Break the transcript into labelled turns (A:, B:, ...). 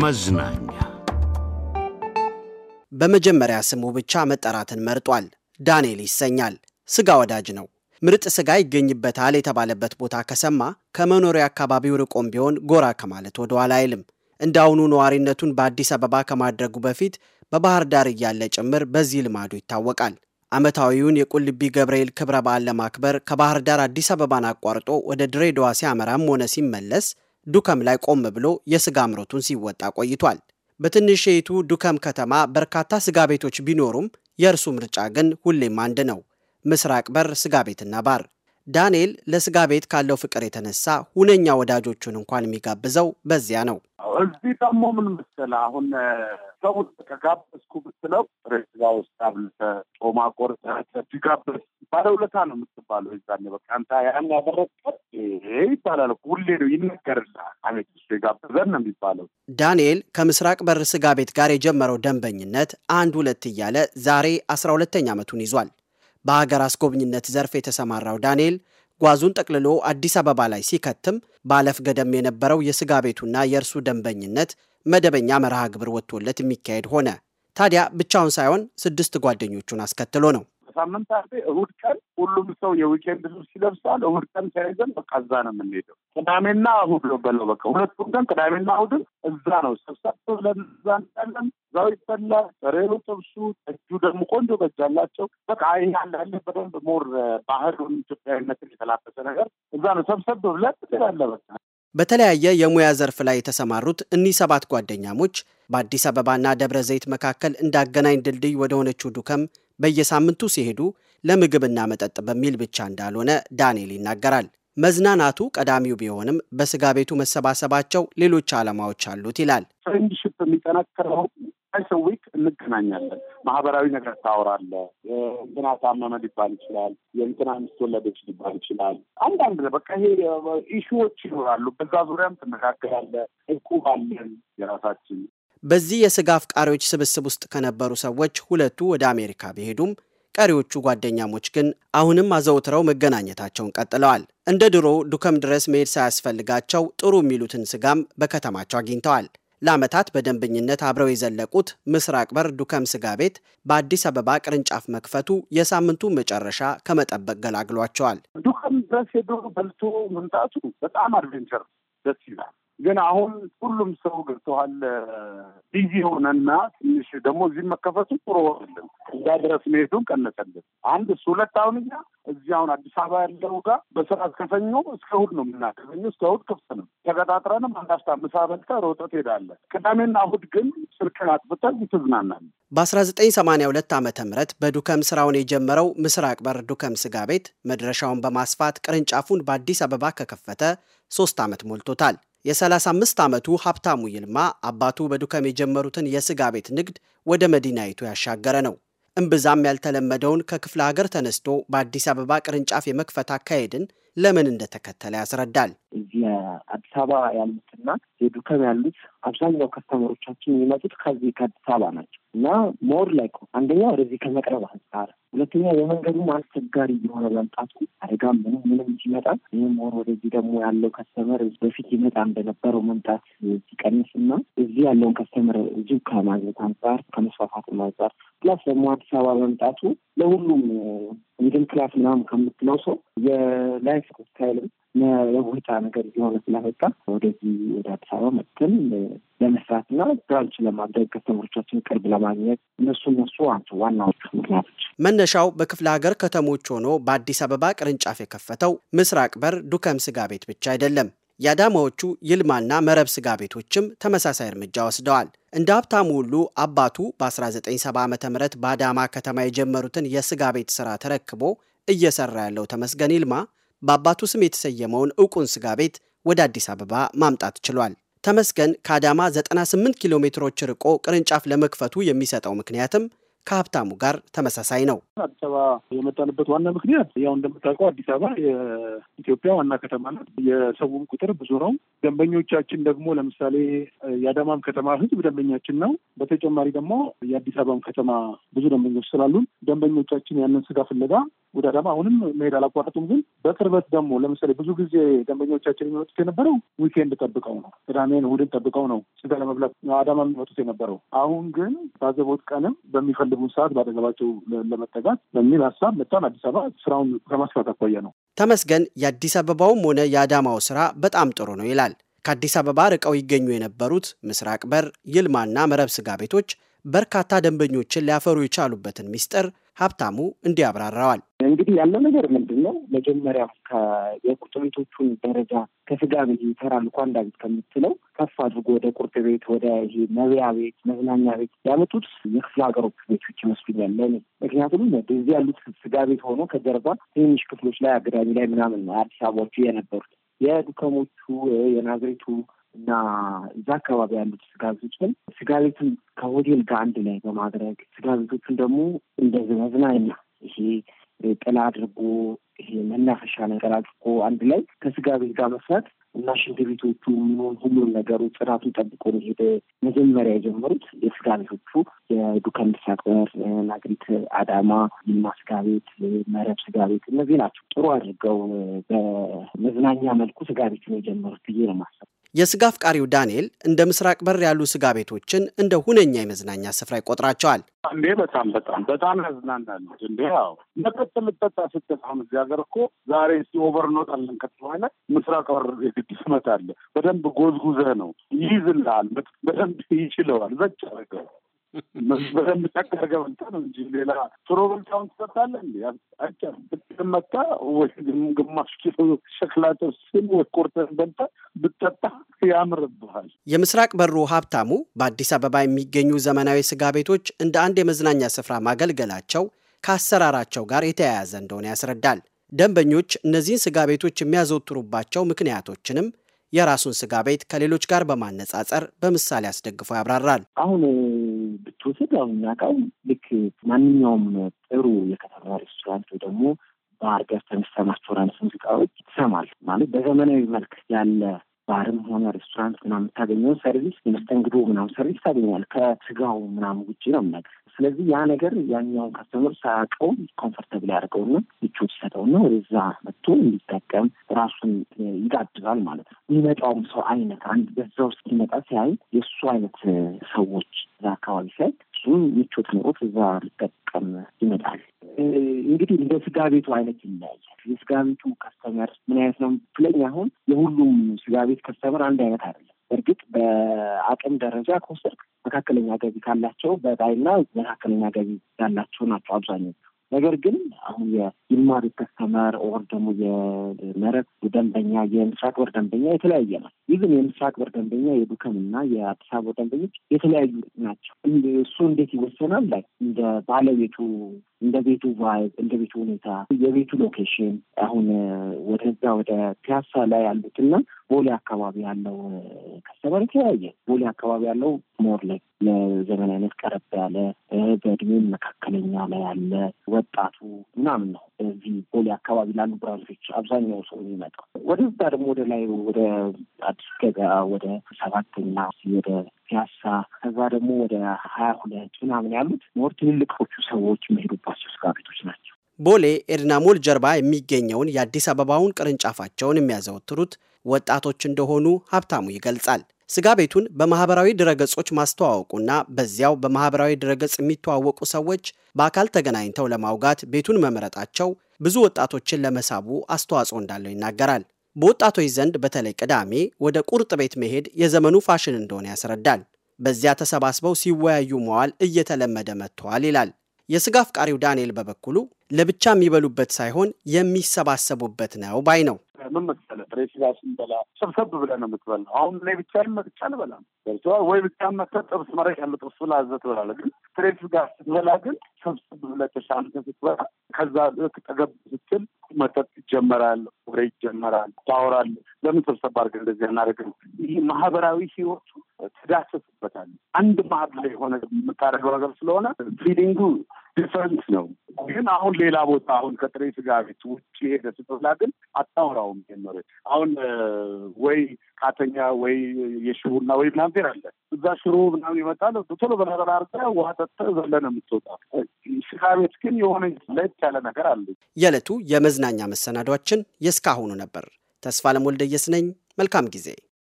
A: መዝናኛ
B: በመጀመሪያ ስሙ ብቻ መጠራትን መርጧል። ዳንኤል ይሰኛል። ስጋ ወዳጅ ነው። ምርጥ ስጋ ይገኝበታል የተባለበት ቦታ ከሰማ ከመኖሪያ አካባቢው ርቆም ቢሆን ጎራ ከማለት ወደ ኋላ አይልም። እንደ አሁኑ ነዋሪነቱን በአዲስ አበባ ከማድረጉ በፊት በባህር ዳር እያለ ጭምር በዚህ ልማዱ ይታወቃል። ዓመታዊውን የቁልቢ ገብርኤል ክብረ በዓል ለማክበር ከባህር ዳር አዲስ አበባን አቋርጦ ወደ ድሬዳዋ ሲያመራም ሆነ ሲመለስ ዱከም ላይ ቆም ብሎ የስጋ ምርቱን ሲወጣ ቆይቷል። በትንሽይቱ ዱከም ከተማ በርካታ ስጋ ቤቶች ቢኖሩም የእርሱ ምርጫ ግን ሁሌም አንድ ነው፣ ምስራቅ በር ስጋ ቤትና ባር። ዳንኤል ለስጋ ቤት ካለው ፍቅር የተነሳ ሁነኛ ወዳጆቹን እንኳን የሚጋብዘው በዚያ ነው።
C: እዚህ ደግሞ ምን መሰለህ አሁን ሰው ከጋበዝኩ ብትለው ስጋ ውስጥ አብልተ ጮማ ቆርጠህ ሲጋበዝ ባለውለታ ነው የምትባለው። የዛኔ በቃ አንተ ያን ያደረግከው ይሄ ይባላል ሁሌ ነው ይነገርልሃል። አቤት እሱ የጋበዘን ነው የሚባለው።
B: ዳንኤል ከምስራቅ በር ስጋ ቤት ጋር የጀመረው ደንበኝነት አንድ ሁለት እያለ ዛሬ አስራ ሁለተኛ ዓመቱን ይዟል። በሀገር አስጎብኝነት ዘርፍ የተሰማራው ዳንኤል ጓዙን ጠቅልሎ አዲስ አበባ ላይ ሲከትም ባለፍ ገደም የነበረው የስጋ ቤቱና የእርሱ ደንበኝነት መደበኛ መርሃ ግብር ወጥቶለት የሚካሄድ ሆነ። ታዲያ ብቻውን ሳይሆን ስድስት ጓደኞቹን አስከትሎ ነው።
C: ከሳምንት አርቤ እሁድ ቀን ሁሉም ሰው የዊኬንድ ልብስ ይለብሳል። እሁድ ቀን ተያይዘን በቃ እዛ ነው የምንሄደው። ቅዳሜና እሁድ ነው በለው በቃ ሁለቱም ቀን ቅዳሜና እሁድን እዛ ነው ሰብሰብ ብለን እዛ እንጣለን። እዛው ይበላል። ጥሬው፣ ጥብሱ፣ ጠጁ ደግሞ ቆንጆ ጠጅ አላቸው። በቃ ይህ ያለ በደንብ ሞር ባህሉን ኢትዮጵያዊነትን የተላበሰ ነገር እዛ ነው ሰብሰብ ብለን ትላለ በቃ
B: በተለያየ የሙያ ዘርፍ ላይ የተሰማሩት እኒህ ሰባት ጓደኛሞች በአዲስ አበባና ደብረ ዘይት መካከል እንዳገናኝ ድልድይ ወደ ሆነችው ዱከም በየሳምንቱ ሲሄዱ ለምግብና መጠጥ በሚል ብቻ እንዳልሆነ ዳንኤል ይናገራል። መዝናናቱ ቀዳሚው ቢሆንም በስጋ ቤቱ መሰባሰባቸው ሌሎች ዓላማዎች አሉት ይላል።
C: ፍሬንድሽፕ የሚጠናከረው ሰው ዊክ እንገናኛለን። ማህበራዊ ነገር ታወራለህ። እንትና ታመመ ሊባል ይችላል። የእንትና ሚስት ወለደች ሊባል ይችላል። አንዳንድ በቃ ይሄ ኢሹዎች ይኖራሉ። በዛ ዙሪያም ትነጋገራለህ። እቁብ አለን የራሳችን
B: በዚህ የስጋ አፍቃሪዎች ስብስብ ውስጥ ከነበሩ ሰዎች ሁለቱ ወደ አሜሪካ ቢሄዱም ቀሪዎቹ ጓደኛሞች ግን አሁንም አዘውትረው መገናኘታቸውን ቀጥለዋል። እንደ ድሮ ዱከም ድረስ መሄድ ሳያስፈልጋቸው ጥሩ የሚሉትን ስጋም በከተማቸው አግኝተዋል። ለዓመታት በደንበኝነት አብረው የዘለቁት ምስራቅ በር ዱከም ስጋ ቤት በአዲስ አበባ ቅርንጫፍ መክፈቱ የሳምንቱ መጨረሻ ከመጠበቅ ገላግሏቸዋል።
C: ዱከም ድረስ ሄዶ በልቶ መምጣቱ በጣም አድቬንቸር ደስ ይላል። ግን አሁን ሁሉም ሰው ገብተዋል። ቢዚ ሆነና ትንሽ ደግሞ እዚህም መከፈቱ ጥሩ ሆነልን። እዛ ድረስ መሄዱን ቀነሰልን። አንድ እሱ ሁለት አሁን እኛ እዚህ አሁን አዲስ አበባ ያለው ጋር በስራ ከሰኞ እስከ እሑድ ነው የምና እስከ እሑድ ክፍት ነው። ተቀጣጥረንም አንዳፍታ ምሳ በልተህ ሮጠህ ትሄዳለህ። ቅዳሜና እሑድ ግን ስልክን አጥፍተህ ትዝናናለህ።
B: በ1982 ዓ ም በዱከም ስራውን የጀመረው ምስራቅ በር ዱከም ስጋ ቤት መድረሻውን በማስፋት ቅርንጫፉን በአዲስ አበባ ከከፈተ ሶስት ዓመት ሞልቶታል። የ35 ዓመቱ ሀብታሙ ይልማ አባቱ በዱከም የጀመሩትን የስጋ ቤት ንግድ ወደ መዲናይቱ ያሻገረ ነው። እምብዛም ያልተለመደውን ከክፍለ ሀገር ተነስቶ በአዲስ አበባ ቅርንጫፍ የመክፈት አካሄድን ለምን እንደተከተለ ያስረዳል። እዚህ አዲስ አበባ ያሉትና የዱከም ያሉት አብዛኛው ከስተመሮቻችን የሚመጡት ከዚህ ከአዲስ አበባ ናቸው
A: እና ሞር ላይ አንደኛ ወደዚህ ከመቅረብ አንጻር ሁለተኛ የመንገዱም አስቸጋሪ እየሆነ መምጣቱ አደጋ ምንም ምንም ሲመጣ ይህም ሆን ወደዚህ ደግሞ ያለው ከስተመር በፊት ይመጣ እንደነበረው መምጣት ሲቀንስ እና እዚህ ያለውን ከስተመር እዚሁ ከማግኘት አንጻር ከመስፋፋት አንጻር ፕላስ ደግሞ አዲስ አበባ መምጣቱ ለሁሉም ሚድል ክላስ ምናምን ከምትለው ሰው የላይፍ ስታይልም የቦታ ነገር እየሆነ ስለመጣ
B: ወደዚህ ወደ አዲስ አበባ መጥተን ለመስራትና ብራንች ለማድረግ ከተሞቻችን ቅርብ ለማግኘት እነሱ እነሱ አንቱ ዋናዎቹ ምክንያቶች። መነሻው በክፍለ ሀገር ከተሞች ሆኖ በአዲስ አበባ ቅርንጫፍ የከፈተው ምስራቅ በር ዱከም ስጋ ቤት ብቻ አይደለም። የአዳማዎቹ ይልማና መረብ ስጋ ቤቶችም ተመሳሳይ እርምጃ ወስደዋል። እንደ ሀብታሙ ሁሉ አባቱ በ1970 ዓ ም በአዳማ ከተማ የጀመሩትን የስጋ ቤት ስራ ተረክቦ እየሰራ ያለው ተመስገን ይልማ በአባቱ ስም የተሰየመውን እውቁን ስጋ ቤት ወደ አዲስ አበባ ማምጣት ችሏል። ተመስገን ከአዳማ 98 ኪሎ ሜትሮች ርቆ ቅርንጫፍ ለመክፈቱ የሚሰጠው ምክንያትም ከሀብታሙ ጋር ተመሳሳይ ነው።
C: አዲስ አበባ የመጣንበት ዋና ምክንያት ያው እንደምታውቀው አዲስ አበባ የኢትዮጵያ ዋና ከተማ ናት። የሰውም ቁጥር ብዙ ነው። ደንበኞቻችን ደግሞ ለምሳሌ የአዳማም ከተማ ህዝብ ደንበኛችን ነው። በተጨማሪ ደግሞ የአዲስ አበባም ከተማ ብዙ ደንበኞች ስላሉን ደንበኞቻችን ያንን ስጋ ፍለጋ ወደ አዳማ አሁንም መሄድ አላቋረጡም። ግን በቅርበት ደግሞ ለምሳሌ ብዙ ጊዜ ደንበኞቻችን የሚመጡት የነበረው ዊኬንድ ጠብቀው ነው፣ ቅዳሜን እሑድን ጠብቀው ነው ስጋ ለመብላት አዳማ የሚመጡት የነበረው። አሁን ግን ባዘቦት ቀንም በሚፈልጉ የሚያስቡን ሰዓት በአጠገባቸው ለመጠጋት በሚል ሀሳብ መጣን። አዲስ አበባ ስራውን ከማስፋት አኳያ ነው።
B: ተመስገን የአዲስ አበባውም ሆነ የአዳማው ስራ በጣም ጥሩ ነው ይላል። ከአዲስ አበባ ርቀው ይገኙ የነበሩት ምስራቅ በር፣ ይልማና መረብ ስጋ ቤቶች በርካታ ደንበኞችን ሊያፈሩ የቻሉበትን ሚስጥር ሀብታሙ እንዲያብራራዋል።
A: እንግዲህ ያለው ነገር ምንድን ነው? መጀመሪያ የቁርጥምቶቹን ደረጃ ከስጋ ቤት ተራ ልኳን ዳዊት ከምትለው ከፍ አድርጎ ወደ ቁርጥ ቤት፣ ወደ ይሄ መብያ ቤት፣ መዝናኛ ቤት ያመጡት የክፍለ ሀገሮች ቤቶች ይመስሉኛል ለእኔ። ምክንያቱም እዚህ ያሉት ስጋ ቤት ሆኖ ከጀርባ ትንሽ ክፍሎች ላይ አገዳሚ ላይ ምናምን አዲስ አበባዎቹ የነበሩት የዱከሞቹ የናዝሬቱ እና እዛ አካባቢ ያሉት ስጋ ቤቶችን ስጋ ቤቱን ከሆቴል ጋር አንድ ላይ በማድረግ ስጋ ቤቶቹን ደግሞ እንደዚህ መዝናኛ ይሄ ጥላ አድርጎ ይሄ መናፈሻ ነገር አድርጎ አንድ ላይ ከስጋ ቤት ጋር መስራት እና ሽንት ቤቶቹ የሚሆን ሁሉም ነገሩ ጥራቱን ጠብቆ ሄደ። መጀመሪያ የጀመሩት የስጋ ቤቶቹ የዱከም ሰቅበር፣ ናግሪት፣ አዳማ፣ ይልማ ስጋ ቤት፣ መረብ ስጋ ቤት እነዚህ
B: ናቸው። ጥሩ አድርገው በመዝናኛ መልኩ ስጋ ቤት ነው የጀመሩት ብዬ ነው ማሰብ። የስጋ አፍቃሪው ዳንኤል እንደ ምስራቅ በር ያሉ ስጋ ቤቶችን እንደ ሁነኛ የመዝናኛ ስፍራ ይቆጥራቸዋል።
C: እንዴ በጣም በጣም በጣም ያዝናናል። እንዴ ያው መጠጥ ልጠጣ ስትል አሁን እዚህ ሀገር እኮ ዛሬ ሲ ኦቨር እንወጣለን ከተባለ ምስራቅ በር የግድ ትመጣለህ። በደንብ ጎዝጉዘህ ነው ይይዝልሃል። በደንብ ይችለዋል። በጭ በደንብ ጨቅ አድርገህ በልተህ ነው እንጂ ሌላ ሽሮ በልታውን ትሰጣለህ እንዲ አጭር ብትል መታ ወይ ግማሽ ኪሎ ሸክላ ጥብስን ወይ ቁርጥን በልተህ ብትጠጣ ያምርብሃል።
B: የምስራቅ በሩ ሀብታሙ በአዲስ አበባ የሚገኙ ዘመናዊ ስጋ ቤቶች እንደ አንድ የመዝናኛ ስፍራ ማገልገላቸው ከአሰራራቸው ጋር የተያያዘ እንደሆነ ያስረዳል። ደንበኞች እነዚህን ስጋ ቤቶች የሚያዘወትሩባቸው ምክንያቶችንም የራሱን ስጋ ቤት ከሌሎች ጋር በማነጻጸር በምሳሌ አስደግፎ ያብራራል። አሁን
C: ብትወስድ
A: አሁን የሚያውቃው ልክ ማንኛውም ጥሩ የከተማ ሬስቶራንት ወይ ደግሞ ባህር ገብተህ የምትሰማቸው ራንስ ሙዚቃዎች ይሰማል ማለት በዘመናዊ መልክ ያለ ባህርም ሆነ ሬስቶራንት ምናምን የምታገኘውን ሰርቪስ የመስተንግዶ ምናምን ሰርቪስ ታገኛል። ከስጋው ምናምን ውጭ ነው ነገር ስለዚህ ያ ነገር ያኛውን ከስተምር ሳያውቀው ኮንፈርተብል ያደርገውና ምቾት ይሰጠውና ወደዛ መጥቶ እንዲጠቀም ራሱን ይጋብዛል ማለት ነው። የሚመጣውም ሰው አይነት አንድ በዛ ውስጥ ሲመጣ ሲያይ የእሱ አይነት ሰዎች እዛ አካባቢ ሲያይ እሱም ምቾት ኖሮት እዛ ሊጠቀም ይመጣል። እንግዲህ እንደ ስጋ ቤቱ አይነት ይለያያል። የስጋ ቤቱ ከስተመር ምን አይነት ነው? ትለኛ አሁን የሁሉም ስጋ ቤት ከስተመር አንድ አይነት አይደለም። እርግጥ በአቅም ደረጃ ከወሰድክ መካከለኛ ገቢ ካላቸው በጣይና መካከለኛ ገቢ ያላቸው ናቸው አብዛኞቹ። ነገር ግን አሁን የይማሪ ከስተመር ኦር ደግሞ የመረት ደንበኛ የምስራቅ በር ደንበኛ የተለያየ ነው። ይዝን የምስራቅ በር ደንበኛ የዱከም እና የአዲስ አበባ ደንበኞች የተለያዩ ናቸው። እሱ እንዴት ይወሰናል? ላይ እንደ ባለቤቱ እንደ ቤቱ ቫይብ፣ እንደ ቤቱ ሁኔታ፣ የቤቱ ሎኬሽን አሁን ወደዛ ወደ ፒያሳ ላይ ያሉትና ቦሌ አካባቢ ያለው ከስተመር የተለያየ። ቦሌ አካባቢ ያለው ሞር ላይ አይነት ቀረብ ያለ በእድሜም መካከለኛ ላይ ያለ ወጣቱ ምናምን ነው። እዚህ ቦሌ አካባቢ ላሉ ብራንቾች አብዛኛው ሰው የሚመጣው ወደዛ ደግሞ ወደ ላይ ወደ አዲስ ገበያ ወደ ሰባተኛ ወደ ፒያሳ፣ ከዛ ደግሞ ወደ ሀያ ሁለት ምናምን
C: ያሉት ኖር ትልልቆቹ ሰዎች የሚሄዱባቸው ስጋ
B: ቤቶች ናቸው። ቦሌ ኤድናሞል ጀርባ የሚገኘውን የአዲስ አበባውን ቅርንጫፋቸውን የሚያዘወትሩት ወጣቶች እንደሆኑ ሀብታሙ ይገልጻል። ስጋ ቤቱን በማህበራዊ ድረገጾች ማስተዋወቁና በዚያው በማህበራዊ ድረገጽ የሚተዋወቁ ሰዎች በአካል ተገናኝተው ለማውጋት ቤቱን መምረጣቸው ብዙ ወጣቶችን ለመሳቡ አስተዋጽኦ እንዳለው ይናገራል። በወጣቶች ዘንድ በተለይ ቅዳሜ ወደ ቁርጥ ቤት መሄድ የዘመኑ ፋሽን እንደሆነ ያስረዳል። በዚያ ተሰባስበው ሲወያዩ መዋል እየተለመደ መጥተዋል ይላል። የስጋ አፍቃሪው ዳንኤል በበኩሉ ለብቻ የሚበሉበት ሳይሆን የሚሰባሰቡበት ነው ባይ ነው።
C: ምን መሰለህ ጥሬ ስጋ ስንበላ ሰብሰብ ብለህ ነው የምትበላው። አሁን እኔ ብቻዬን መጥቼ አልበላም። ገብቶሃል ወይ? ብቻህን መጥተህ ጥብስ መረቅ ያለው ጥብስ ብለህ አዘህ ትበላለህ። ግን ጥሬ ስጋ ስትበላ ግን ሰብሰብ ብለህ ተሻምተህ ስትበላ፣ ከዛ ልክ ጠገብ ስትል መጠጥ ይጀመራል፣ ወሬ ይጀመራል፣ ታወራለህ። ለምን ሰብሰብ አድርገህ እንደዚህ አናደርግም? ይህ ማህበራዊ ህይወቱ ትዳሰስበታል። አንድ ማህበር ላይ የሆነ የምታደርገው ነገር ስለሆነ ፊሊንጉ ዲፈረንት ነው። ግን አሁን ሌላ ቦታ አሁን ከጥሬ ስጋ ቤት ውጭ ሄደ ስትበላ ግን አታወራውም። ጀመረ አሁን ወይ ካተኛ ወይ የሽቡና ወይ ምናምን አለ እዛ ሽሮ ምናምን ይመጣል። ቶሎ በነበላ አርጋ ውሃ ጠጥተህ ዘለህ ነው የምትወጣው። ስጋ ቤት ግን የሆነ ለየት ያለ ነገር አለ።
B: የዕለቱ የመዝናኛ መሰናዷችን የእስካሁኑ ነበር። ተስፋ ለሞልደየስ ነኝ። መልካም ጊዜ